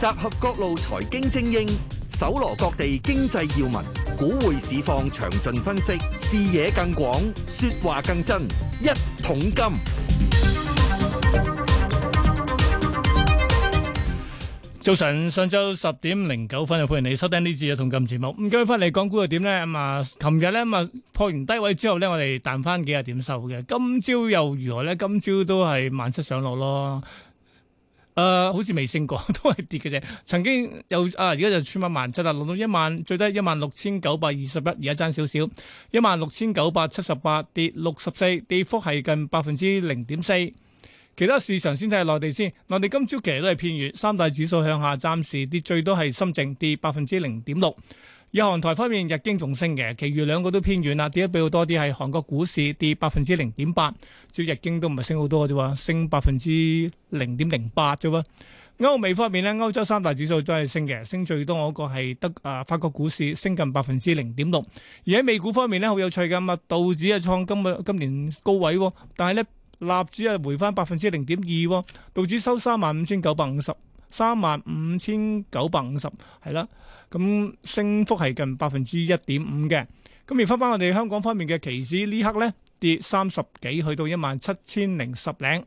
集合各路財經精英，搜羅各地經濟要聞，股匯市況詳盡分析，視野更廣，說話更真，一桶金。早晨，上晝十點零九分，歡迎你收聽呢次一桶金節目。咁今日翻嚟講股又點咧？咁啊，琴日咧咁啊破完低位之後咧，我哋彈翻幾日點收嘅？今朝又如何咧？今朝都係萬七上落咯。誒、呃，好似未升過，都係跌嘅啫。曾經有啊，而家就穿一萬七啦，落到一萬最低一萬六千九百二十一，而家爭少少，一萬六千九百七十八，跌六十四，跌幅係近百分之零點四。其他市場先睇下內地先，內地今朝其實都係偏弱，三大指數向下，暫時跌最多係深證跌百分之零點六。日韓台方面，日經仲升嘅，其餘兩個都偏軟啦，跌得比較多啲。係韓國股市跌百分之零點八，照日經都唔係升好多啫，升百分之零點零八啫。喎，歐美方面咧，歐洲三大指數都係升嘅，升最多嗰個係德啊，法國股市升近百分之零點六。而喺美股方面咧，好有趣㗎，嘛，道指係創今啊今年高位，但係咧納指係回翻百分之零點二，道指收三萬五千九百五十。三萬五千九百五十，係啦，咁升幅係近百分之一點五嘅。咁而翻翻我哋香港方面嘅期指呢刻呢，跌三十幾，去到一萬七千零十零，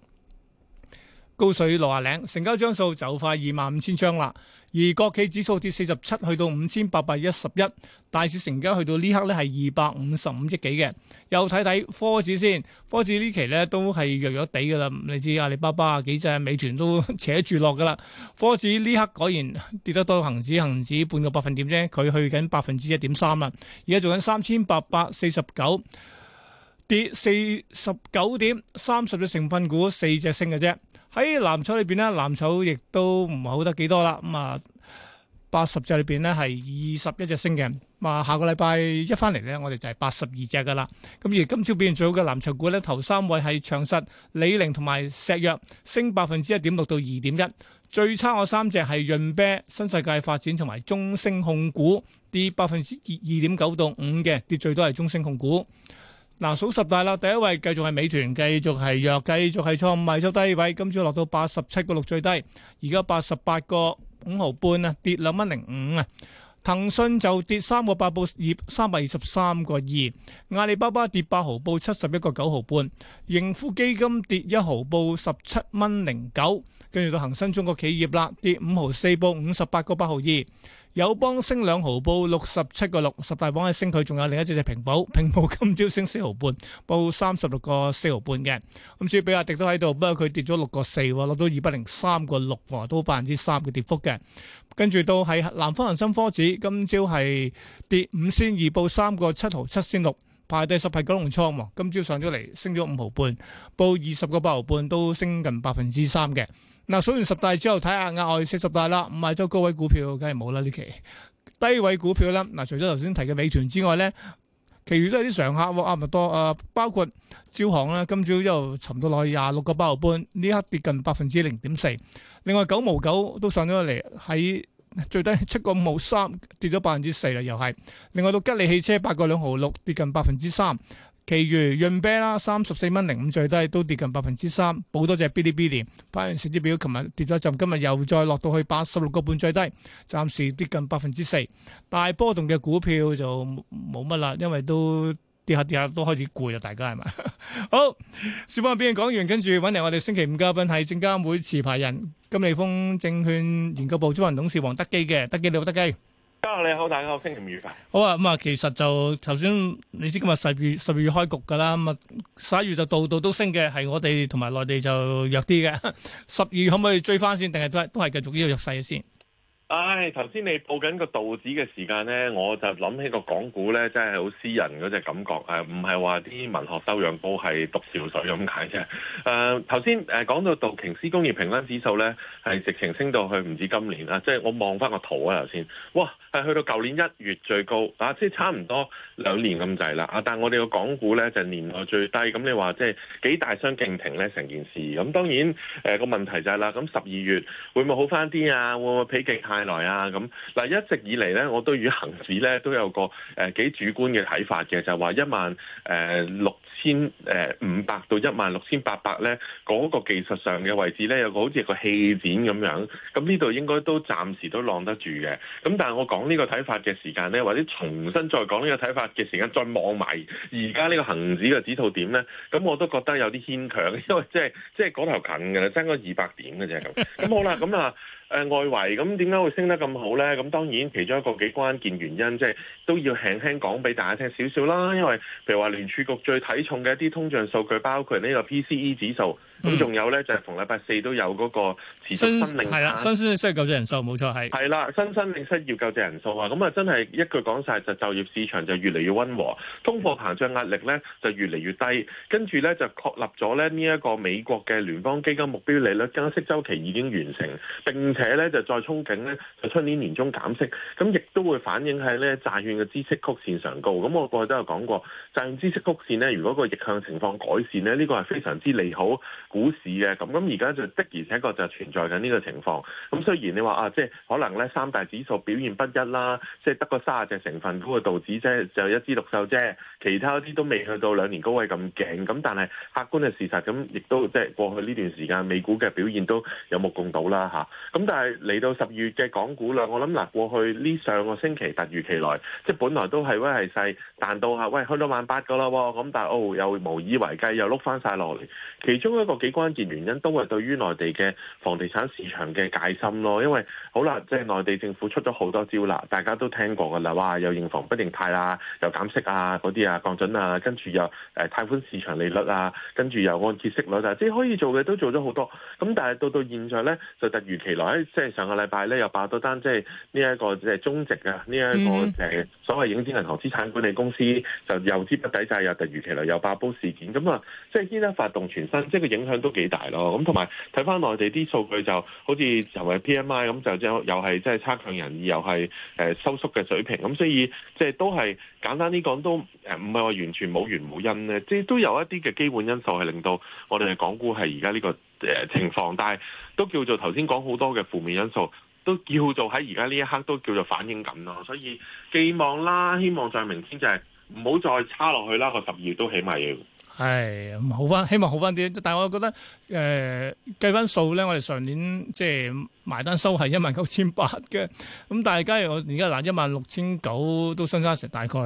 高水六啊零，成交張數就快二萬五千張啦。而國企指數跌四十七，去到五千八百一十一。大市成交去到呢刻咧係二百五十五億幾嘅。又睇睇科指先，科指呢期咧都係弱弱地噶啦。你知阿里巴巴、啊、幾隻美團都扯住落噶啦。科指呢刻果然跌得多恒，恒指恆指半個百分點啫，佢去緊百分之一點三啦。而家做緊三千八百四十九，在在49，跌四十九點，三十隻成分股四隻升嘅啫。喺藍籌裏邊咧，藍籌亦都唔好得幾多啦。咁、嗯、啊，八十隻裏邊咧係二十一隻升嘅，嘛、嗯、下個禮拜一翻嚟，呢我哋就係八十二隻噶啦。咁而今朝表現最好嘅藍籌股呢，頭三位係長實、李寧同埋石藥，升百分之一點六到二點一。最差嗰三隻係潤啤、新世界發展同埋中升控股，跌百分之二二點九到五嘅，跌最多係中升控股。嗱，數十大啦，第一位繼續係美團，繼續係弱，繼續係創五日低位，今朝落到八十七個六最低，而家八十八個五毫半啊，跌兩蚊零五啊。騰訊就跌三個八報二三百二十三個二，阿里巴巴跌八毫報七十一個九毫半，盈富基金跌一毫報十七蚊零九，跟住到恒生中國企業啦，跌五毫四報五十八個八毫二。友邦升兩毫，報六十七個六。十大榜係升，佢仲有另一隻隻平保，平保今朝升四毫半，報三十六個四毫半嘅。咁至於比亞迪都喺度，不過佢跌咗六個四，落到二百零三個六，都百分之三嘅跌幅嘅。跟住到喺南方恒生科指，今朝係跌五仙二，報三個七毫七仙六，排第十，係九龍倉喎。今朝上咗嚟，升咗五毫半，報二十個八毫半，都升近百分之三嘅。嗱，數完十大之後，睇下額外四十大啦。五十周高位股票梗係冇啦，呢期低位股票啦。嗱，除咗頭先提嘅美團之外咧，其餘都係啲常客。阿咪多啊，包括招行啦，今朝又沉到落去廿六個八毫半，呢刻跌近百分之零點四。另外九毛九都上咗嚟，喺最低七個五毫三，跌咗百分之四啦，又係。另外到吉利汽車八個兩毫六，跌近百分之三。其餘潤啤啦，三十四蚊零五最低，都跌近百分之三。補多隻嗶哩嗶哩。擺完成績表，琴日跌咗一浸，今日又再落到去八十六個半最低，暫時跌近百分之四。大波動嘅股票就冇乜啦，因為都跌下跌下都開始攰啦，大家係咪？ 好，小方邊講完，跟住揾嚟我哋星期五嘉賓，係證監會持牌人金利豐證券研究部執行董事黃德基嘅，德基你好，德基。你好，大家好，星期五愉快。好啊，咁、嗯、啊，其實就頭先，你知今日十,十二月開局噶啦，咁、嗯、啊十一月就度度都升嘅，係我哋同埋內地就弱啲嘅。十二月可唔可以追翻先，定係都係都係繼續呢個弱勢先？唉，頭先你報緊個道指嘅時間咧，我就諗起個港股咧，真係好詩人嗰隻感覺。誒，唔係話啲文學修養高係讀少水咁解啫。誒、呃，頭先誒講到道瓊斯工業平均指數咧，係直情升到去唔止今年啦、啊。即係我望翻個圖啊，頭先，哇，係去到舊年一月最高啊，即係差唔多兩年咁滯啦。啊，但係我哋個港股咧就年內最低。咁你話即係幾大相徑庭咧？成件事咁、啊，當然誒個、呃、問題就係、是、啦。咁十二月會唔會好翻啲啊？會唔會避極限？來啊，咁嗱，一直以嚟咧，我對於恒指咧都有個誒幾主觀嘅睇法嘅，就係話一萬誒六千誒五百到一萬六千八百咧，嗰個技術上嘅位置咧，有個好似個氣墊咁樣，咁呢度應該都暫時都擋得住嘅。咁但係我講呢個睇法嘅時間咧，或者重新再講呢個睇法嘅時間，再望埋而家呢個恒指嘅指數點咧，咁我都覺得有啲牽強，因為即係即係嗰頭近嘅啦，差唔多二百點嘅啫咁。咁好啦，咁啊。誒外圍咁點解會升得咁好咧？咁當然其中一個幾關鍵原因，即係都要輕輕講俾大家聽少少啦。因為譬如話聯儲局最睇重嘅一啲通脹數據，包括呢個 PCE 指數，咁仲、嗯、有咧就係、是、逢禮拜四都有嗰個持續申領，係啦、嗯，新增失業救濟人數冇錯係，係啦，新增領失業救濟人數啊，咁啊真係一句講晒，就，就就業市場就越嚟越溫和，通貨膨脹壓力咧就越嚟越低，跟住咧就確立咗咧呢一個美國嘅聯邦基金目標利率加息週期已經完成並且且咧就再憧憬咧，就出年年中減息，咁亦都會反映喺咧債券嘅孳息曲線上高。咁我過去都有講過，債券孳息曲線咧，如果個逆向情況改善咧，呢、這個係非常之利好股市嘅。咁咁而家就的而且確就存在緊呢個情況。咁雖然你話啊，即係可能咧三大指數表現不一啦，即係得個卅隻成分股嘅、那個、道指即就一枝獨秀啫，其他啲都未去到兩年高位咁勁。咁但係客觀嘅事實咁，亦都即係過去呢段時間美股嘅表現都有目共睹啦，吓。咁。咁但係嚟到十月嘅港股量，我諗嗱，過去呢上個星期突如其來，即係本來都係威係細，彈到嚇喂去到萬八個啦喎！咁但係哦又無以為繼，又碌翻晒落嚟。其中一個幾關鍵原因都係對於內地嘅房地產市場嘅戒心咯。因為好啦，即係內地政府出咗好多招啦，大家都聽過㗎啦，哇！又認房不認貸啦，又減息啊嗰啲啊降準啊，跟住又誒貸款市場利率啊，跟住又按揭息率啊，即係可以做嘅都做咗好多。咁但係到到現在咧，就突如其來。即係上個禮拜咧，又爆多單，即係呢一個即係中植啊，呢一個誒所謂影子銀行資產管理公司就又資不抵債，又突如其來又爆煲事件，咁啊，即係依家發動全身，即係個影響都幾大咯。咁同埋睇返內地啲數據，就好似作為 PMI 咁，就又又係即係差強人意，又係誒收縮嘅水平，咁所以即係都係。簡單啲講都誒，唔係話完全冇原無因咧，即係都有一啲嘅基本因素係令到我哋嘅港股係而家呢個誒、呃、情況，但係都叫做頭先講好多嘅負面因素，都叫做喺而家呢一刻都叫做反映緊咯，所以寄望啦，希望就在明天就係唔好再差落去啦，個十二月都起碼要。係好翻，希望好翻啲。但係我覺得誒、呃、計翻數咧，我哋上年即係埋單收係一萬九千八嘅。咁但係假如我而家嗱，一萬六千九都相差成大概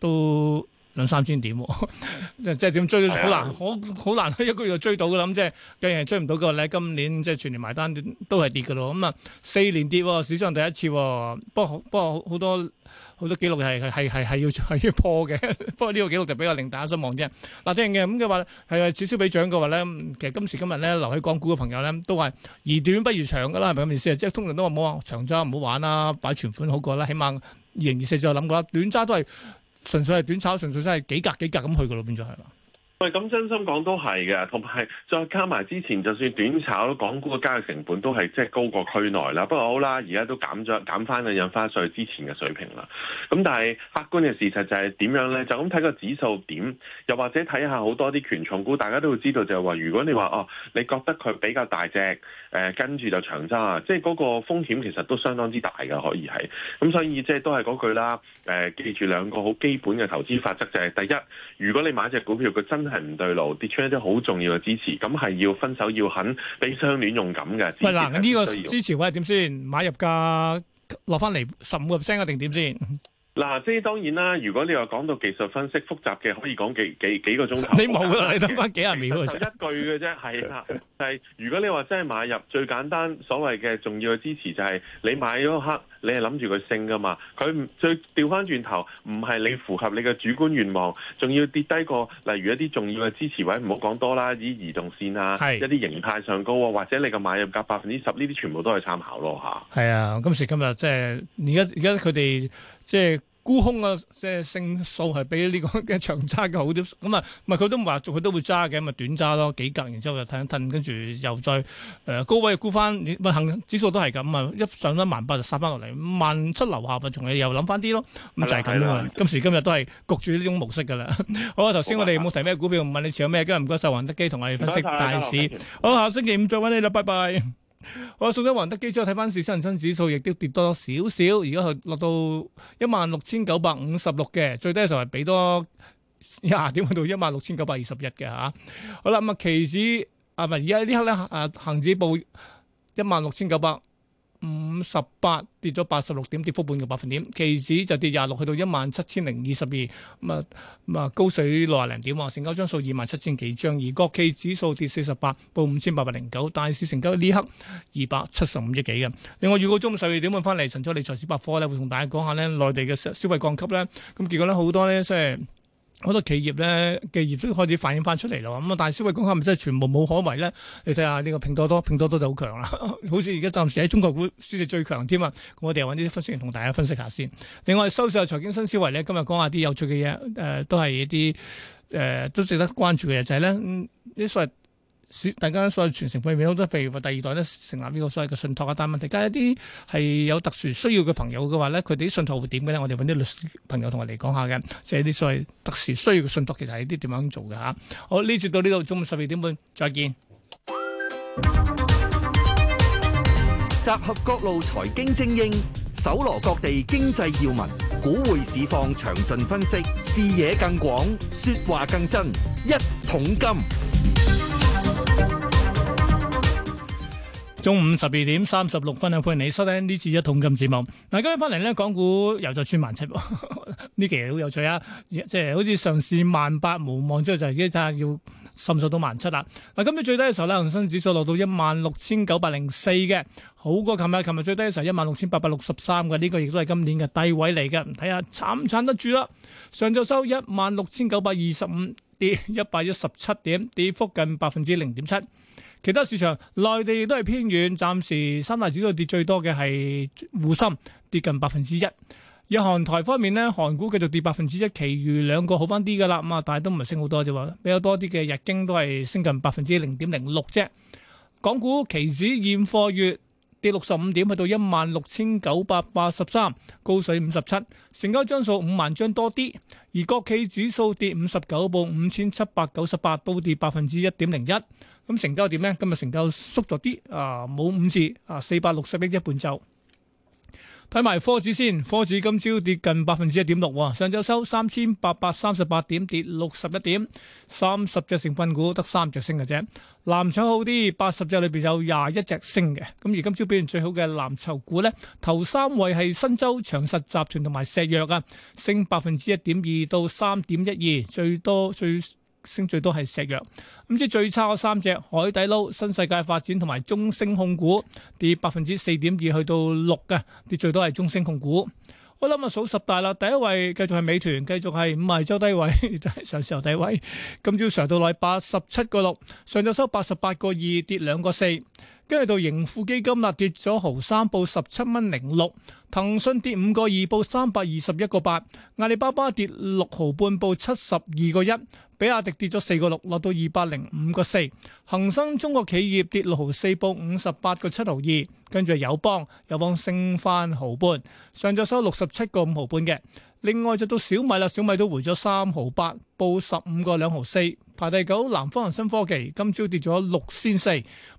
都兩三千點，哦， 即係點追好呦難，好好難一個月就追到噶啦。咁即係有啲人追唔到嘅話，你今年即係全年埋單都係跌嘅咯。咁啊，四年跌，哦、史上第一次，哦，不過不過好多。好多記錄係係係係要係要破嘅，不過呢個記錄就比較令大家失望啫。嗱、啊，聽嘅咁嘅話係啊，取消俾獎嘅話咧，其實今時今日咧，留喺港股嘅朋友咧都係而短不如長嘅啦。係咪咁意思啊？即係通常都話冇啊，長揸唔好玩啦，擺存款好過啦，起碼二零二四再諗過啦。短揸都係純粹係短炒，純粹真係幾格幾格咁去嘅咯，變咗係啦。喂，咁真心講都係嘅，同埋再加埋之前，就算短炒港股嘅交易成本都係即係高過區內啦。不過好啦，而家都減咗減翻嘅印花稅之前嘅水平啦。咁但係客觀嘅事實就係點樣咧？就咁睇個指數點，又或者睇下好多啲權重股，大家都會知道就係話，如果你話哦，你覺得佢比較大隻，誒跟住就長揸，即係嗰個風險其實都相當之大嘅，可以係。咁所以即係都係嗰句啦。誒、呃，記住兩個好基本嘅投資法則就係、是、第一，如果你買隻股票，佢真係。係唔對路，跌出一啲好重要嘅支持，咁係要分手要肯俾相戀用敢嘅。唔係嗱，呢個支持位點先，買入價落翻嚟十五個 percent 一定點先。嗱，即係、啊，就是，當然啦。如果你話講到技術分析複雜嘅，可以講幾幾幾個鐘頭。 你冇啦，你得翻幾廿秒，一句嘅啫。係啦， 係、就是。如果你話真係買入，最簡單所謂嘅重要嘅支持就係、是、你買嗰刻，你係諗住佢升噶嘛。佢最調翻轉頭，唔係你符合你嘅主觀願望，仲要跌低過。例如一啲重要嘅支持位，唔好講多啦。以移動線啊，是一啲形態上高，啊，或者你嘅買入價百分之十，呢啲全部都係參考咯。吓、啊，係啊。今時今日即係而家，而家佢哋。 即係沽空啊！即係勝數係比呢個嘅長揸嘅好啲，咁、嗯、啊，咪、嗯、佢都唔話，佢都會揸嘅，咪短揸咯，幾格，然之後就褪一褪，跟住又再誒、呃、高位沽翻，唔係恆指數都係咁啊！一上翻萬八就殺翻落嚟，萬七樓下咪仲係又諗翻啲咯，咁、嗯、就係咁啊！今時今日都係焗住呢種模式㗎啦。 好啊，頭先我哋冇提咩股票，唔問你持有咩，今日唔該晒，黃德基同我哋分析大市。謝謝大好，下星期五再揾你啦，拜拜。 我送咗恒德基之後，睇翻市新恒生指數亦都跌多少少，而家係落到一萬六千九百五十六嘅，最低就係俾多廿點去到一萬六千九百二十一嘅吓。好啦，咁啊期指啊，唔係，而家呢刻咧啊恒指報一萬六千九百。五十八跌咗八十六點，跌幅半個百分點。期指就跌廿六、嗯，去到一萬七千零二十二。啊，啊高水六啊零點啊，成交張數二萬七千幾張。而國企指數跌四十八，報五千八百零九。大市成交呢刻二百七十五億幾嘅。另外預告中午十二點半翻嚟，晨早理財小百科咧會同大家講下咧內地嘅消消費降級呢咁結果呢，好多呢。即係。好多企業咧嘅業績開始反映翻出嚟咯，咁啊，但係消費供應係咪真係全部冇可為咧？你睇下呢個拼多多，拼多多就強 好強啦，好似而家暫時喺中國股市係最強添啊。我哋揾啲分析員同大家分析下先。另外收市下財經新思維咧，今日講下啲有趣嘅嘢，誒、呃、都係一啲誒、呃、都值得關注嘅嘢，就係咧呢啲所謂，嗯大家所謂傳承方面好多，譬如話第二代咧成立呢個所謂嘅信託，但係問題，假如啲係有特殊需要嘅朋友嘅話咧，佢哋啲信託會點嘅咧？我哋搵啲律師朋友同我哋講下嘅，即係啲所謂特殊需要嘅信託，其實係啲點樣做嘅嚇。好，呢節到呢度，中午十二點半，再見。集合各路財經精英，搜羅各地經濟要聞，股匯市況詳盡分析，視野更廣，説話更真，一桶金。中午十二點三十六分，歡迎你收聽呢次一桶金節目。嗱，今日翻嚟咧，港股又再穿萬七喎，呢期好有趣啊！即係好似上試萬八無望之後，就一睇下要滲入到萬七啦。嗱，今日最低嘅時候咧，恒生指數落到一萬六千九百零四嘅，好過琴日。琴日最低嘅時候一萬六千八百六十三嘅，呢個亦都係今年嘅低位嚟嘅。睇下撐唔撐得住啦？上晝收一萬六千九百二十五，跌一百一十七點，跌幅近百分之零點七。其他市場，內地亦都係偏遠，暫時三大指數跌最多嘅係滬深，跌近百分之一。日韓台方面咧，韓股繼續跌百分之一，其餘兩個好翻啲㗎啦。咁啊，但係都唔係升好多啫，比較多啲嘅日經都係升近百分之零點零六啫。港股期指現貨月跌六十五點，去到一萬六千九百八十三，高水五十七，成交張數五萬張多啲。而國企指數跌五十九報五千七百九十八，都跌百分之一點零一。咁成交點咧？今日成交縮咗啲啊，冇五字啊，四百六十億一半就。睇埋科指先，科指今朝跌近百分之一點六喎。上晝收三千八百三十八點，跌六十一點，三十隻成分股得三隻升嘅啫。藍籌好啲，八十隻裏邊有廿一隻升嘅。咁而今朝表現最好嘅藍籌股咧，頭三位係新洲長實集團同埋石藥啊，升百分之一點二到三點一二，最多最。升最多係石藥，咁即最差嗰三隻海底撈、新世界發展同埋中升控股跌百分之四點二去到六嘅，跌最多係中升控股。我諗啊數十大啦，第一位繼續係美團，繼續係五泥洲低位上市樓低位，今朝上到來八十七個六，上晝收八十八個二，跌兩個四。跟住到盈富基金啦，跌咗毫三，報十七蚊零六；騰訊跌五個二，報三百二十一個八；阿里巴巴跌六毫半，報七十二個一；比亞迪跌咗四個六，落到二百零五個四；恒生中國企業跌六毫四，報五十八個七毫二。跟住友邦，友邦升返毫半，上咗收六十七個五毫半嘅。另外就到小米啦，小米都回咗三毫八，報十五個兩毫四，排第九。南方恒生科技今朝跌咗六仙四，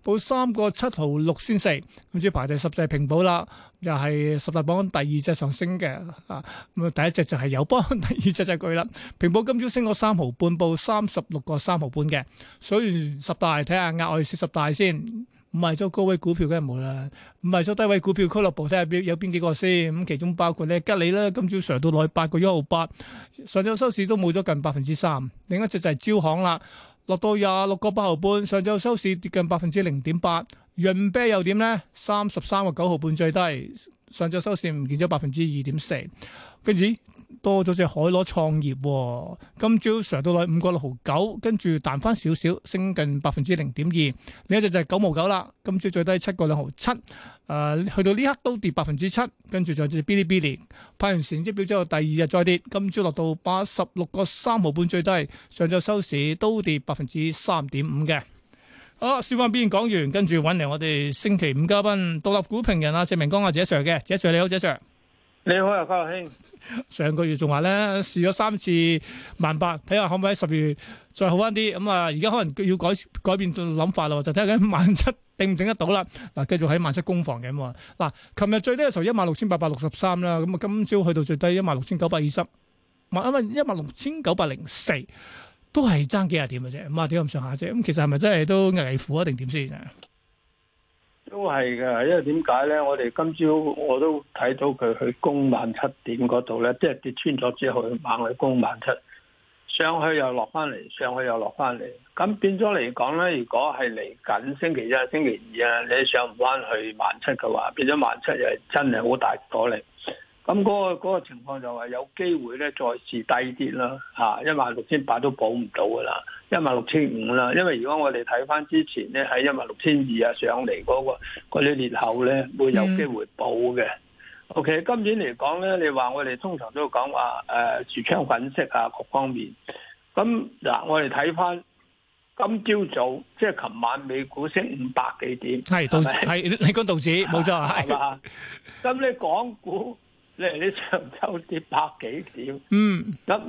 報三個七毫六仙四。咁即排第十就係平保啦，又係十大榜第二隻上升嘅。啊，咁啊第一隻就係友邦，第二隻就係佢啦。平保今朝升咗三毫半，報三十六個三毫半嘅。所以十大睇下，額外四十大先。賣咗高位股票梗係冇啦，賣咗低位股票俱樂，俱樂部睇下邊有邊幾個先。咁其中包括咧吉利啦，今朝上到落去八個一毫八，上晝收市都冇咗近百分之三。另一隻就係招行啦，落到廿六個八毫半，上晝收市跌近百分之零點八。潤啤又點咧？三十三個九毫半最低，上晝收市唔見咗百分之二點四。跟住。多咗隻海螺創業、哦，今朝上到嚟五個六毫九，跟住彈翻少少，升近百分之零點二。另一隻就係九毛九啦，今朝最低七個兩毫七，誒去到呢刻都跌百分之七，跟住就係嗶哩嗶哩，派完成績表之後，第二日再跌，今朝落到八十六個三毫半最低，上晝收市都跌百分之三點五嘅。好，先翻邊講完，跟住揾嚟我哋星期五嘉賓、獨立股評人阿、啊、謝明光阿、啊、謝 Sir 嘅，謝 Sir 你好，謝 Sir 你好啊，花樂兄。上個月仲話咧，試咗三次萬八，睇下可唔可以喺十月再好翻啲。咁、嗯、啊，而、嗯、家可能要改改變到諗法咯，就睇下喺萬七定唔定得到啦。嗱，繼續喺萬七攻防嘅。咁嗱，琴日，最低嘅時候一萬六千八百六十三啦，咁啊，今朝去到最低一萬六千九百二十，萬一萬六千九百零四，都係爭幾廿點嘅啫。咁啊，點咁上下啫？咁、嗯、其實係咪真係都危，危乎一定點先都係嘅，因為點解咧？我哋今朝我都睇到佢去攻萬七點嗰度咧，即係跌穿咗之後猛去攻萬七，上去又落翻嚟，上去又落翻嚟。咁變咗嚟講咧，如果係嚟緊星期一、星期二啊，你上唔翻去萬七嘅話，變咗萬七又係真係好大阻力。咁嗰、嗰個嗰個情況就係有機會咧，再次低啲啦，嚇一萬六千八都補唔到噶啦，一萬六千五啦。因為如果我哋睇翻之前咧，喺一萬六千二啊上嚟嗰、嗰個嗰啲裂口咧，會有機會補嘅。O、okay, K，今年嚟講咧，你話我哋通常都講話誒，櫥、呃、窗粉飾啊各方面。咁嗱、啊，我哋睇翻今朝早，早，即係琴晚美股升五百幾點，係道指，吧你講道指冇錯啊，係嘛 咁你講股？.你啲上週跌百幾點？嗯，咁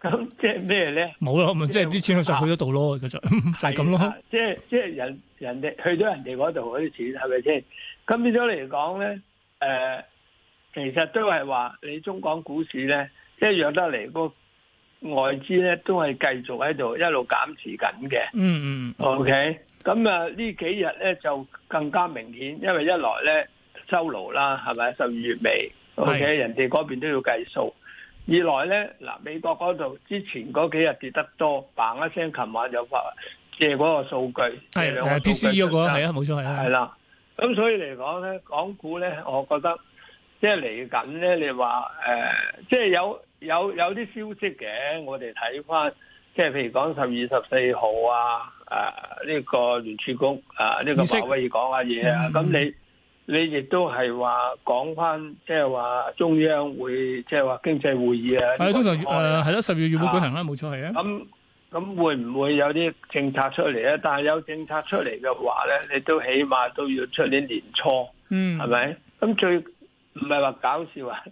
咁即係咩咧？冇啦，咁即係啲錢都上去曬去咗度咯，其實、啊、 就係咁咯。即係即係人人哋去咗人哋嗰度嗰啲錢，係咪先？咁變咗嚟講咧，誒、呃，其實都係話你中港股市咧一樣得嚟，個外資咧都係繼續喺度一路減持緊嘅、嗯。嗯 Okay? 嗯。O K，咁啊呢幾日咧就更加明顯，因為一來咧收爐啦，係咪十二月尾？O.K. 是人哋嗰邊都要計數。二來咧，嗱美國嗰度之前嗰幾日跌得多，嘭一聲，琴晚就發借嗰個數據，係係 P.C. 嗰個，係啊，冇錯係。係啦、啊，咁、啊啊，所以嚟講咧，港股咧，我覺得即係嚟緊咧，你話誒、呃，即係有有有啲消息嘅，我哋睇翻，即係譬如講十二十四號啊，誒呢個聯儲局啊呢個鮑威爾講下嘢啊，咁你。你亦都係話講翻，即係話中央會，即係話經濟會議啊。係通常誒，係咯，十二月會舉行啦，冇錯係啊。咁咁會唔會有啲政策出嚟啊？但係有政策出嚟嘅話咧，你都起碼都要出年年初，係咪、um.？咁最唔係話搞笑啊！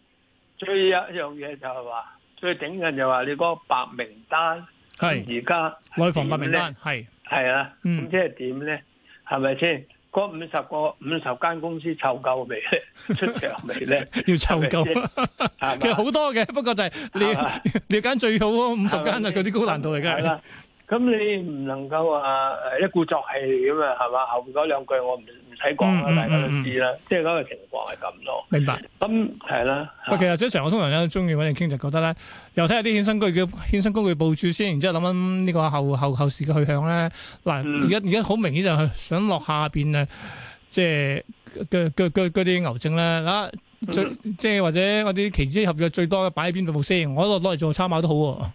最一樣嘢就係、是、話，最頂緊就話你嗰個白名單，係而家外房白名單，係係啊，咁即係點咧？係咪先？6 revenues 嗰五十個五十間公司湊夠未？出場未咧？ 要湊夠，係咪，係咪，其實好多嘅，係咪，係咪，不過就係你呢間最好喎，五十間啊，佢啲高難度嚟㗎。係啦。咁你唔能夠話誒一鼓作氣咁啊，係嘛？後面嗰兩句我唔唔使講啦，大家都知啦。即係嗰個情況係咁咯。明白。咁係啦。不過其實即係常我通常咧，中意揾你傾就覺得咧，又睇下啲衍生工具嘅衍生工具佈局先，然之後諗諗呢個後後後市嘅去向咧。嗱，而家而家好明顯就係想落下邊啊，即係嘅嘅嘅嘅啲牛證咧，嗱最即係或者嗰啲期指合約最多擺喺邊度先？我攞攞嚟做參考都好喎。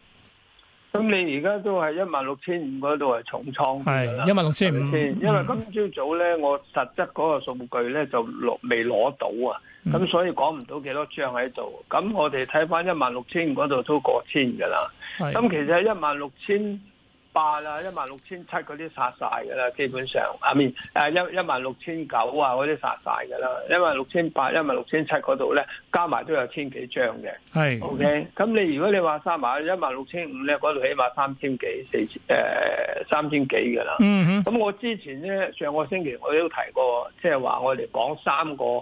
咁你而家都係一萬六千五嗰度係重倉，係一萬六千五，16, 500, 吧因為今朝早咧，我實質嗰個數據咧就攞未攞到啊，咁、嗯、所以講唔到幾多張喺度。咁我哋睇翻一萬六千五嗰度都過千㗎啦。咁的其實一萬六千八啦，一萬六千七嗰啲殺晒㗎喇。基本上下面誒一一萬六千九啊嗰啲殺晒㗎喇，一萬六千八、一萬六千七嗰度咧，加埋都有千幾張嘅。係，OK。咁 你如果你話三埋一萬六千五咧，嗰度起碼三千幾四誒三千幾㗎喇。嗯哼。咁 我之前咧上個星期我都提過，即係話我哋講三個。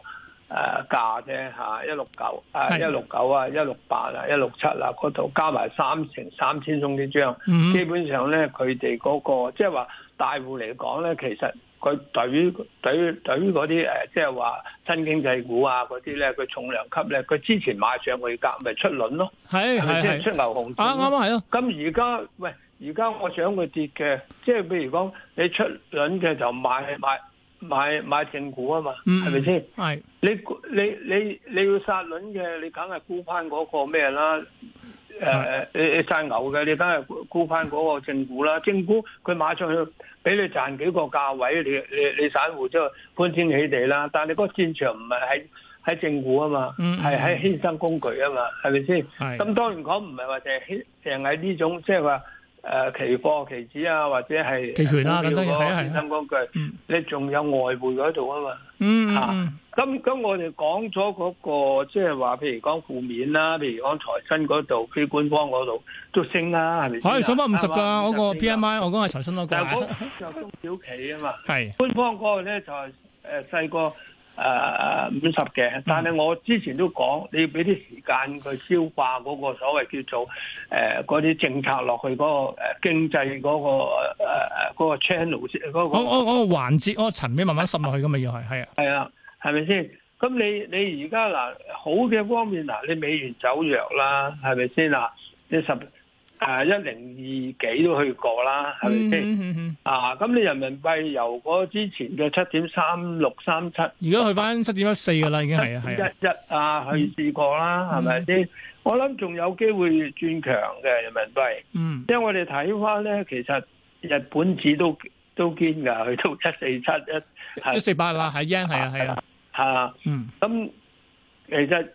誒價啫嚇，一六九誒一六九啊，一六八啊，一六七啊，嗰度、啊啊啊、加埋三成三千鬆啲張，mm hmm. 基本上咧佢哋嗰個即係話大戶嚟講咧，其實佢對於對於對於嗰啲誒即係話新經濟股啊嗰啲咧，佢重量級咧，佢之前買上去夾咪出輪咯，係係係出牛熊。啱啱係咯，咁而家喂，而家我想佢跌嘅，即係譬如講你出輪嘅就買買買買,買正股啊嘛，係咪先？係、hmm. 吧。Mm 你你你你要殺輪嘅，你梗係沽翻嗰個咩啦？誒誒，殺牛嘅，你梗係沽翻嗰個正股啦。正股佢馬上要俾你賺幾個價位，你你你散戶即係歡天喜地啦。但係嗰個戰場唔係喺喺正股啊嘛，係喺衍生工具啊嘛，係咪先？咁當然講唔係話淨係淨係呢種，即係話。誒期貨、期指啊，或者係期權啦，咁都係啊，係。咁講句，你仲有外匯嗰度啊嘛？嗯，嚇。咁咁我哋講咗嗰個，即係話譬如講負面啦，譬如講財新嗰度、非官方嗰度都升啦，係咪？嚇，上翻五十㗎，嗰個 PMI，我講係財新嗰個。但係嗰就中小企啊嘛。係。官方嗰個咧就係誒細個。誒五十嘅，但係我之前都講，你要俾啲時間去消化嗰個所謂叫做誒嗰啲政策落去嗰個誒經濟嗰個誒嗰、呃嗰個 channel 先，嗰個，嗰個我我我個環節，我層面慢慢滲落去咁啊，要係係啊，係啊，係咪先？咁你你而家嗱好嘅方面嗱，你美元走弱啦，係咪先嗱？你十。誒一零二幾都去過啦，係咪先？Hmm. 啊，咁你人民幣由嗰之前嘅七點三六三七，而家去翻七點一四嘅啦，已經係係一一啊，去試過啦，係咪先？我諗仲有機會轉強嘅人民幣，mm hmm. 因為我哋睇翻咧，其實日本紙都都堅噶，去到七四七一一四八啦，係已經係係啦嚇。嗯，咁其實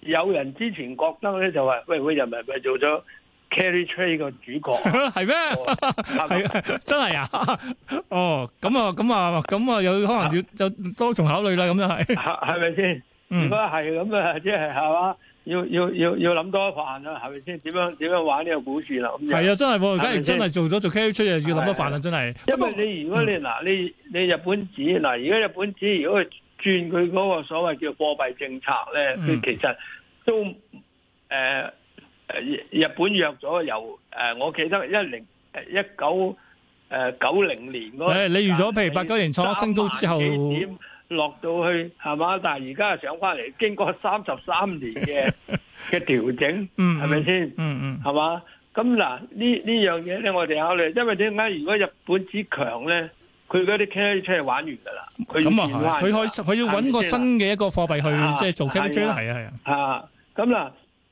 有人之前覺得咧，就話喂，我人民幣做咗。Carry trade 個主角係咩？係啊，真係 啊！哦，咁啊，咁啊，咁啊，有可能要就多重考慮啦，咁樣係，係咪先？如果係咁啊，即係係嘛，要要要要諗多一番啦，係咪先？點樣點樣玩呢個股市啦？係啊，真係，真係做咗做 carry trade 啊，要諗多一番啊。真係。因為你如果你嗱， 你你日本紙嗱，如果日本紙如果轉佢嗰個所謂叫貨幣政策咧，佢 其實都誒。呃誒，日日本約咗由誒，我記得一零一九誒九零年嗰，誒，你預咗譬如八九年創咗新高之後，起點落到去係嘛？但係而家又上翻嚟，經過三十三年嘅嘅調整，係咪先？嗯嗯，係嘛？咁嗱，呢呢樣嘢咧，我哋考慮，因為點解如果日本之強咧，佢嗰啲 carry 出嚟玩完噶啦，佢變翻，佢佢要揾個新嘅一個貨幣去即係做 carry 咧，係啊係啊，啊，咁嗱。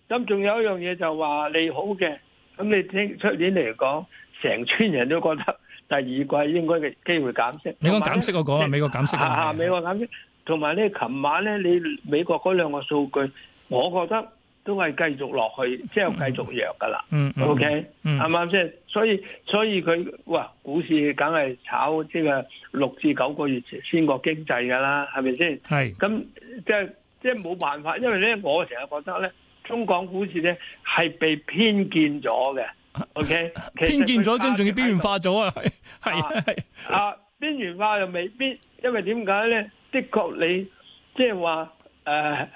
咁仲有一樣嘢就話利好嘅，咁你聽出年嚟講，成村人都覺得第二季應該嘅機會減息。你講減息我講啊，美國減息啊，美國減息。同埋咧，琴晚咧，你美國嗰兩個數據，我覺得都係繼續落去，即係繼續弱噶啦。嗯，OK，係咪先？所以所以佢哇，股市梗係炒即係六至九個月先過經濟噶啦，係咪先？係。咁即係即係冇辦法，因為咧，我成日覺得咧。中港股市咧係被偏見咗嘅，OK？偏見咗，跟住仲要邊緣化咗 啊？係係啊，邊緣化又未必，因為點解咧？的確你即係話誒，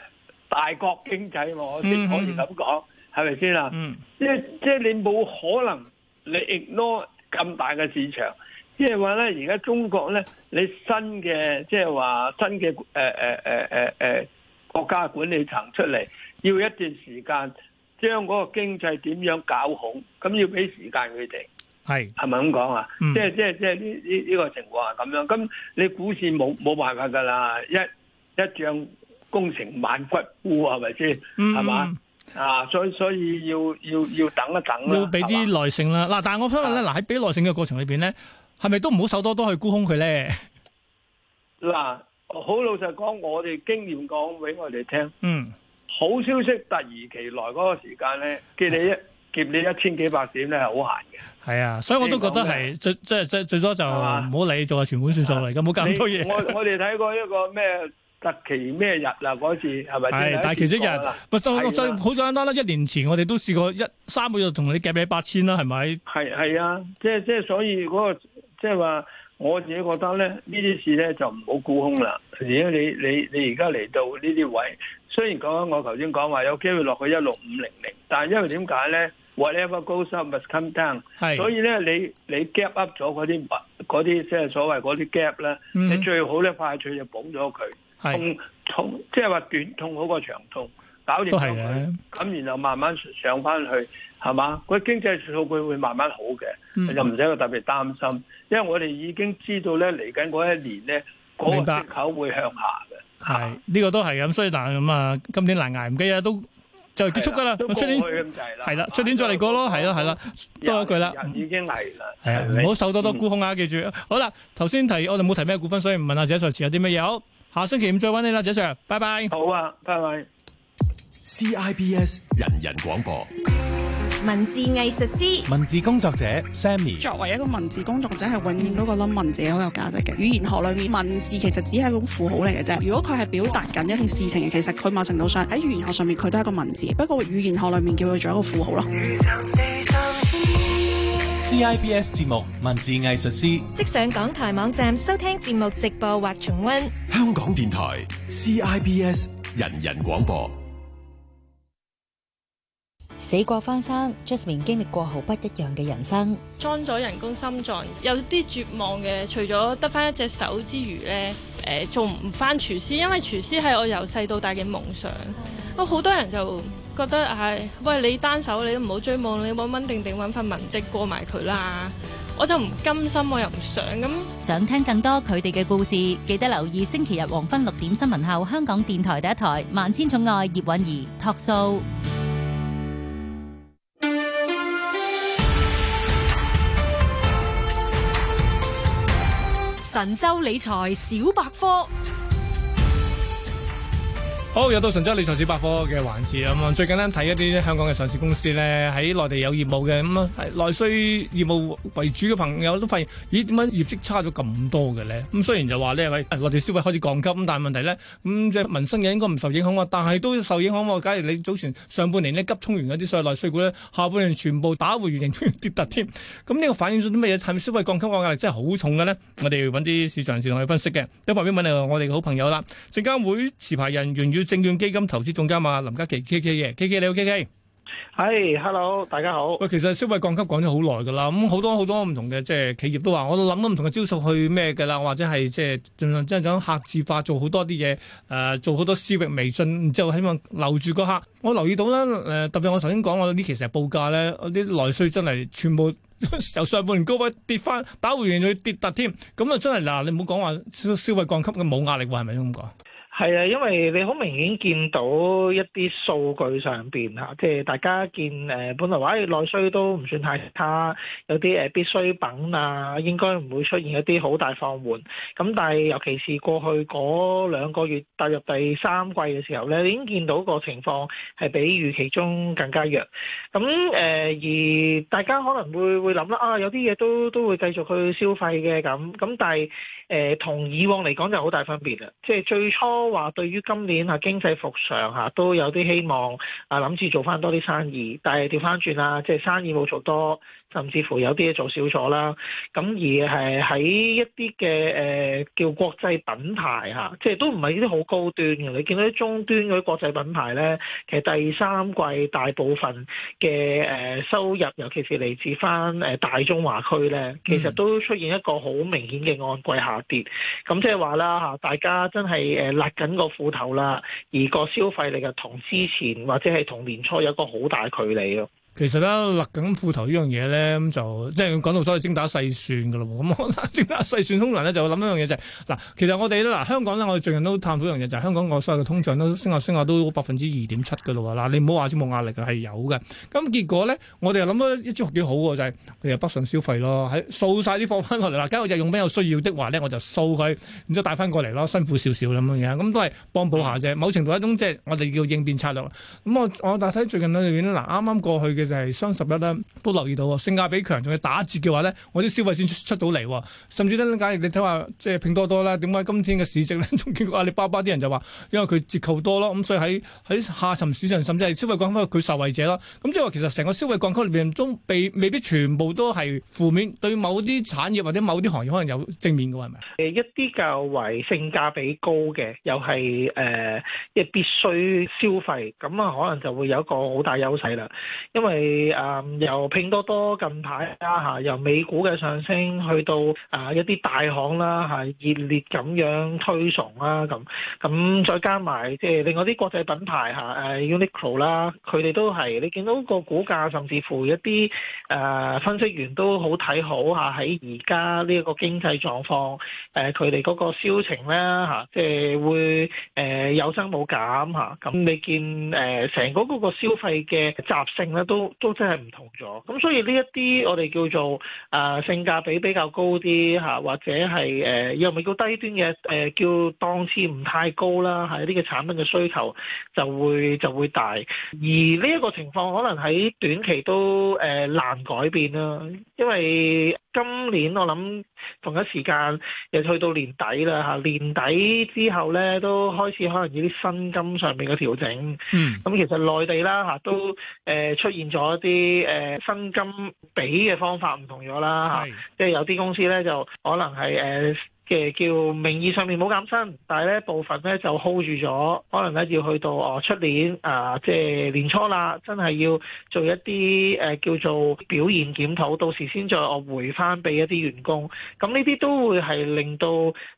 大國經濟我先可以咁講，係咪先啦？嗯，即即係你冇可能你 ignore 咁大嘅市場，即係話咧，而家中國咧，你新嘅即係話新嘅誒誒誒誒誒國家嘅管理層出嚟。要一段時間將嗰個經濟點樣搞好，咁要俾時間佢哋。係係咪咁講啊？即係即係即係呢呢呢個情況係咁樣。咁你股市冇冇辦法噶啦，一一將功成萬骨枯係咪先？係嘛？啊，所所以要要要等一等啦。要俾啲耐性啦。嗱，但係我想問咧，嗱喺俾耐性嘅過程裏邊咧，係咪都唔好手多多去沽空佢咧？嗱，好老實講，我哋經驗講俾我哋聽。嗯。好消息突然其來嗰個時間咧，見你一夾你一千幾百點咧係好閒嘅。係啊，所以我都覺得係最即係即係最多就唔好吧理做下存款算數嚟，咁好，咁多嘢。我我哋睇過一個咩特奇咩日啊？嗰次係咪？係大奇跡日。我真好簡單啦！一年前我哋都試過一三個月同你夾畀八千啦，係咪的？係係啊，即係即係，所以嗰個即係話。我自己覺得咧，呢啲事咧就唔好沽空啦。而家你你你而家嚟到呢啲位，雖然講我頭先講話有機會落去一六五零零，但係因為點解咧？Whatever goes up must come down 是。係，所以咧你你 gap up 咗嗰啲，嗰啲即係所謂嗰啲 gap 咧，你最好咧快脆就補咗佢。係，痛痛即係話短痛好過長痛。搞掂佢，咁然後慢慢上翻去，係嘛？佢經濟數據會慢慢好嘅，就唔使我特別擔心，因為我哋已經知道咧嚟緊嗰一年咧嗰個出口會向下嘅。係呢個都係咁，所以但係咁啊，今年難挨唔計啊，都就結束噶啦。出年係啦，出年再嚟過咯，係咯，係啦，多一句啦。人已經嚟啦，係啊，唔好受多多沽空啊，記住好啦。頭先提我哋冇提咩股份，所以唔問阿姐上詞有啲乜嘢好？下星期五再揾你啦，姐上，拜拜。好啊，拜拜。CIBS 人人廣播，文字藝術師，文字工作者 Sammy。作為一個文字工作者，係永遠都覺得文字好有價值嘅。語言學裏面，文字其實只係一種符號嚟嘅啫。如果佢係表達緊一件事情嘅，其實佢某程度上喺語言學上面，佢都係一個文字。不過，語言學裏面叫佢做一個符號咯。CIBS 節目，文字藝術師，即上港台網站收聽節目直播或重温香港電台 CIBS 人人廣播。死過翻生，Jasmine 經歷過好不一樣嘅人生。裝咗人工心臟，有啲絕望嘅。除咗得翻一隻手之餘呢，誒、呃，做唔翻廚師，因為廚師係我由細到大嘅夢想。我好、嗯、多人就覺得，哎，喂，你單手你都唔好追夢，你穩穩定定搵份文職過埋佢啦。我就唔甘心，我又唔想。咁想聽更多佢哋嘅故事，記得留意星期日黃昏六點新聞後，香港電台第一台《萬千寵愛葉蘊儀》talk show。神州理財小百科。好，又到神州理財市百科嘅環節咁啊，嗯，最近單睇一啲香港嘅上市公司咧，喺內地有業務嘅咁啊，嗯、內需業務為主嘅朋友都發現，咦，點解業績差咗咁多嘅咧？咁、嗯、雖然就話呢，喂，內地消費開始降級，咁但係問題咧，咁即係民生嘅應該唔受影響喎，但係都受影響喎。假如你早前上半年咧急衝完嗰啲所謂內需股咧，下半年全部打回原形跌突添。咁 呢個反映咗啲咩嘢？係咪消費降級壓力真係好重嘅咧？我哋揾啲市場人士去分析嘅。咁旁邊揾我哋好朋友啦，證監會持牌人員證券基金投資總監啊，林家琪 K K 嘅 K K, K K 你好 K K，係、hey, Hello，大家好。喂，其實消費降級講咗好耐噶啦，咁好多好多唔同嘅即係企業都話，我都諗到唔同嘅招數去咩噶啦，或者係即係盡量即係想客製化做好多啲嘢，誒、呃、做好多私域微信，之後，就希望留住個客。我留意到啦，誒、呃，特別我頭先講我呢其實係報價咧，啲內需真係全部 由上半年高位跌翻，打回原去跌突添。咁啊真係嗱、呃，你唔好講話消費降級嘅冇壓力喎，係咪先咁講？係啊，因為你好明顯見到一啲數據上邊嚇，即係大家見誒、呃，本來話內需都唔算太差，有啲誒必需品啊，應該唔會出現一啲好大放緩。咁但係尤其是過去嗰兩個月踏入第三季嘅時候咧，你已經見到個情況係比預期中更加弱。咁誒、呃、而大家可能會會諗啦，啊有啲嘢都都會繼續去消費嘅咁咁，但係誒同以往嚟講就好大分別啦。即係最初。都話對於今年嚇經濟復常嚇、啊、都有啲希望，啊諗住做翻多啲生意，但係調翻轉啦，即、就、係、是、生意冇做多。甚至乎有啲嘢做少咗啦，咁而係喺一啲嘅誒叫國際品牌嚇，即係都唔係啲好高端嘅。你見到啲中端嗰啲國際品牌咧，其實第三季大部分嘅誒收入，尤其是嚟自翻誒大中華區咧，其實都出現一個好明顯嘅按季下跌。咁、嗯、即係話啦嚇，大家真係誒勒緊個褲頭啦，而個消費力就同之前或者係同年初有一個好大距離咯。其實咧，勒緊褲頭呢樣嘢咧，咁就即係講到所謂精打細算嘅咯。咁我精打細算通常咧，就諗一樣嘢就係嗱，其實我哋咧，嗱香港咧，我哋最近都探到一樣嘢就係香港個所有嘅通脹都升下升下都百分之二點七嘅咯喎。嗱，你唔好話先冇壓力嘅，係有嘅。咁結果咧，我哋又諗到一招幾好嘅就係又北上消費咯，喺掃晒啲貨、日用品落嚟嗱，假如就用邊有需要的話咧，我就掃佢，然之後帶翻過嚟咯，辛苦少少咁樣樣，咁都係幫補下啫。嗯、某程度一種即係我哋叫應變策略。咁我我大睇最近兩年咧，嗱啱啱過去嘅。就係雙十一啦，都留意到啊，性價比強，仲要打折嘅話咧，我啲消費先出到嚟，哦，甚至咧，假如你睇下即係拼多多啦，點解今天嘅市值咧，仲見過阿里巴巴啲人就話，因為佢折扣多咯，咁、嗯、所以喺喺下沉市場，甚至係消費降級，佢受惠者咯。咁、嗯、即係話其實成個消費降級裏邊，都被未必全部都係負面，對某啲產業或者某啲行業可能有正面嘅，係咪啊？一啲較為性價比高嘅，又係誒，即、呃、係必須消費，咁啊，可能就會有一個好大優勢啦，因為。係啊，由拼多多近排啦吓，由美股嘅上升去到啊一啲大行啦吓，熱烈咁樣推崇啦咁，咁再加埋即係另外啲國際品牌吓，誒 Uniqlo 啦，佢哋都係你見到個股價，甚至乎一啲誒分析員都好睇好嚇，喺而家呢一個經濟狀況誒，佢哋嗰個銷情咧嚇，即係會誒有增冇減嚇，咁你見誒成嗰個個消費嘅習性咧都。都真係唔同咗，咁所以呢一啲我哋叫做啊、呃、性價比比較高啲嚇，或者係誒、呃、又唔係叫低端嘅誒、呃，叫檔次唔太高啦，係、這、呢個產品嘅需求就會就會大，而呢一個情況可能喺短期都誒、呃、難改變啦，因為。今年我諗同一時間又去到年底啦嚇，年底之後咧都開始可能有啲薪金上面嘅調整。嗯，咁其實內地啦嚇都誒、呃、出現咗一啲誒薪金俾嘅方法唔同咗啦嚇，呃、是即係有啲公司咧就可能係誒。呃嘅叫名義上面冇減薪，但係咧部分咧就 hold 住咗，可能咧要去到哦出年啊，即係年初啦，真係要做一啲誒叫做表現檢討，到時先再我回翻俾一啲員工。咁呢啲都會係令到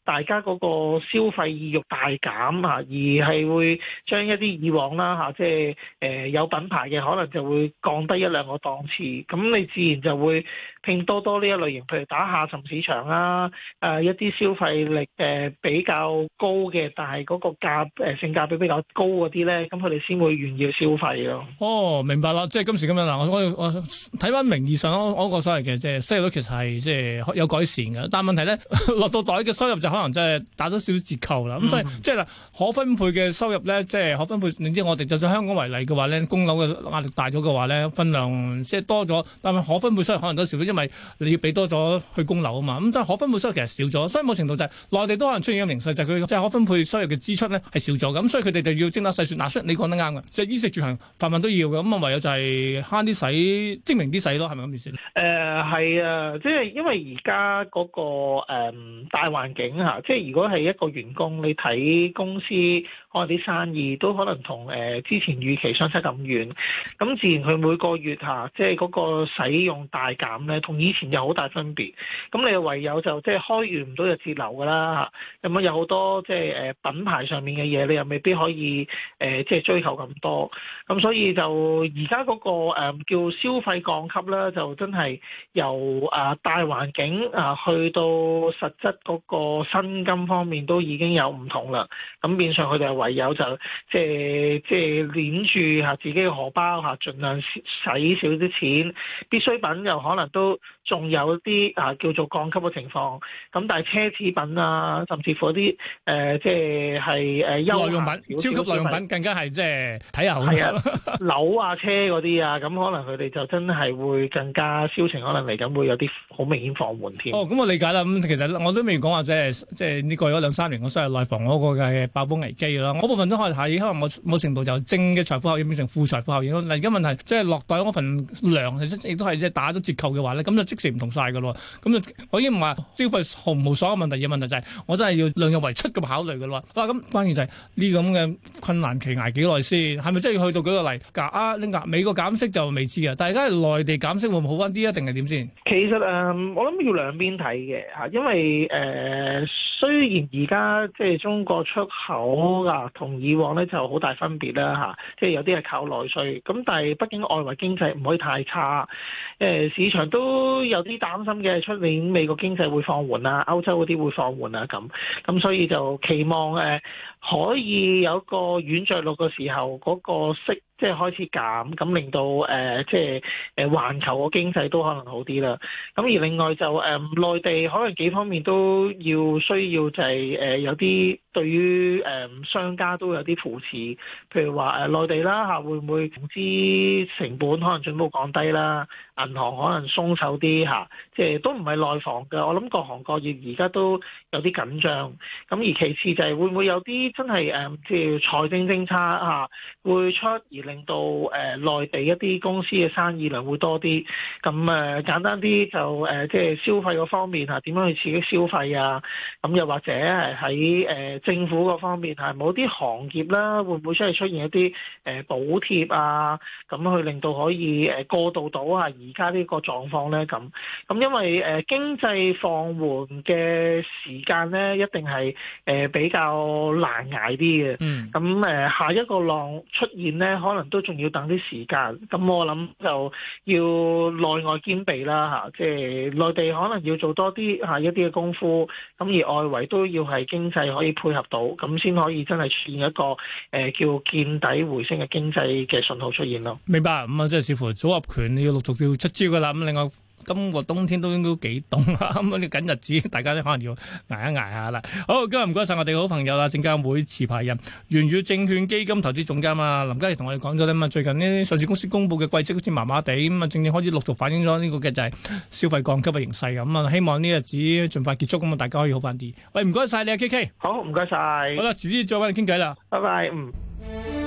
大家嗰個消費意欲大減吓，而係會將一啲以往啦吓，即係誒有品牌嘅可能就會降低一兩個檔次。咁你自然就會拼多多呢一類型，譬如打下沉市場啦，誒一啲。消費力誒比較高嘅，但係嗰個價、呃、性價比比較高嗰啲咧，咁佢哋先會願意去消費咯。哦，明白啦，即係今時今日嗱，我我睇翻名義上、那個，我個所謂嘅即係息率其實係即係有改善嘅，但係問題咧落到袋嘅收入就可能就係打咗少少折扣啦。咁、嗯、所以即係嗱，可分配嘅收入咧，即係可分配。你知我哋就算香港為例嘅話咧，供樓嘅壓力大咗嘅話咧，分量即係多咗，但係可分配收入可能都少咗，因為你要俾多咗去供樓啊嘛。咁所以可分配收入其實少咗，所以。程度就係、是、內地都可能出現咗形勢，就係佢即嘅可分配收入嘅支出咧係少咗，咁所以佢哋就要精打細算，嗱，雖你講得啱嘅，即、就、係、是、衣食住行，份份都要嘅，咁啊唯有就係慳啲使，精明啲使咯，係咪咁意思？誒係、呃、啊，即係因為而家嗰個、呃、大環境吓，即係如果係一個員工，你睇公司可能啲生意都可能同誒、呃、之前預期相差咁遠，咁自然佢每個月吓、啊、即係嗰個使用大減咧，同以前有好大分別，咁你唯有就即係開完唔到節流㗎啦嚇，咁啊、哎、有好多即係誒品牌上面嘅嘢，你又未必可以誒即係追求咁多，咁所以就而家嗰個叫消費降級咧，就真係由啊大環境啊去到實質嗰個薪金方面都已經有唔同啦，咁變相佢哋唯有就即係即係攣住下自己嘅荷包嚇，盡量使少啲錢，必需品又可能都仲有啲啊叫做降級嘅情況，咁但係車奢侈品啊，甚至乎啲誒，即係係誒優耐用品，超級耐用品更加係即係睇下。係啊，樓啊、車嗰啲啊，咁可能佢哋就真係會更加銷情，可能嚟緊會有啲好明顯放緩添。哦，咁我理解啦。咁其實我都未講話，即係即係呢個咗兩三年，我所謂內房嗰個嘅爆煲危機咯。嗰部分都可能係，可能某某程度由正嘅財富效應變成負財富效應咯。嗱，而家問題即係落袋嗰份糧亦都係即係打咗折扣嘅話咧，咁就即時唔同曬噶咯。咁就可以話消費毫無所。個問題嘅問題就係、是，我真係要量入為出咁考慮嘅咯。哇、啊，咁關鍵就係呢咁嘅困難期捱幾耐先，係咪真係要去到舉個例？啊，呢個美國減息就未知但嘅，大家內地減息會唔好翻啲啊？定係點先？其實誒、嗯，我諗要兩邊睇嘅嚇，因為誒、呃，雖然而家即係中國出口啊，同以往咧就好大分別啦嚇，即、啊、係、就是、有啲係靠內需，咁但係畢竟外圍經濟唔可以太差，誒、呃、市場都有啲擔心嘅，出面美國經濟會放緩啊，歐洲。嗰啲會放緩啊，咁咁所以就期望誒、啊、可以有個軟着陸嘅時候嗰、嗰個息。即係開始減，咁令到誒、呃，即係誒環球個經濟都可能好啲啦。咁而另外就誒、呃、內地可能幾方面都要需要就係、是、誒、呃、有啲對於誒、呃、商家都有啲扶持，譬如話誒、呃、內地啦嚇，會唔會融資成本可能全部降低啦？銀行可能鬆手啲嚇、啊，即係都唔係內房嘅。我諗各行各業而家都有啲緊張。咁而其次就係、是、會唔會有啲真係誒、呃，即係財政政策嚇、啊、會出而。令到誒、呃、內地一啲公司嘅生意量會多啲，咁誒、呃、簡單啲就誒即係消費嗰方面嚇，點、啊、樣去刺激消費啊？咁又或者係喺誒政府嗰方面嚇、啊，某啲行業啦，會唔會出係出現一啲誒、呃、補貼啊？咁去令到可以誒過渡到啊而家呢個狀況咧，咁咁，因為誒、呃、經濟放緩嘅時間咧，一定係誒、呃、比較難捱啲嘅。嗯，咁誒、呃、下一個浪出現咧，可能。都仲要等啲時間，咁我諗就要內外兼備啦嚇，即係內地可能要做多啲嚇一啲嘅功夫，咁而外圍都要係經濟可以配合到，咁先可以真係出現一個誒、呃、叫見底回升嘅經濟嘅信號出現咯。明白，咁啊即係似乎組合拳你要陸續要出招噶啦，咁另外。今個冬天都應該幾凍啦，咁呢緊日子大家都可能要挨一挨下啦。好，今日唔該晒，我哋嘅好朋友啦，證監會持牌人元宇證券基金投資總監啊，林嘉怡同我哋講咗咧。咁最近呢上市公司公布嘅季績好似麻麻地，咁啊，正正開始陸續反映咗呢個嘅就係消費降級嘅形勢咁啊，希望呢日子盡快結束，咁啊大家可以好翻啲。喂，唔該晒你啊，KK，好，唔該晒。好啦，遲啲再揾你傾偈啦，拜拜，嗯。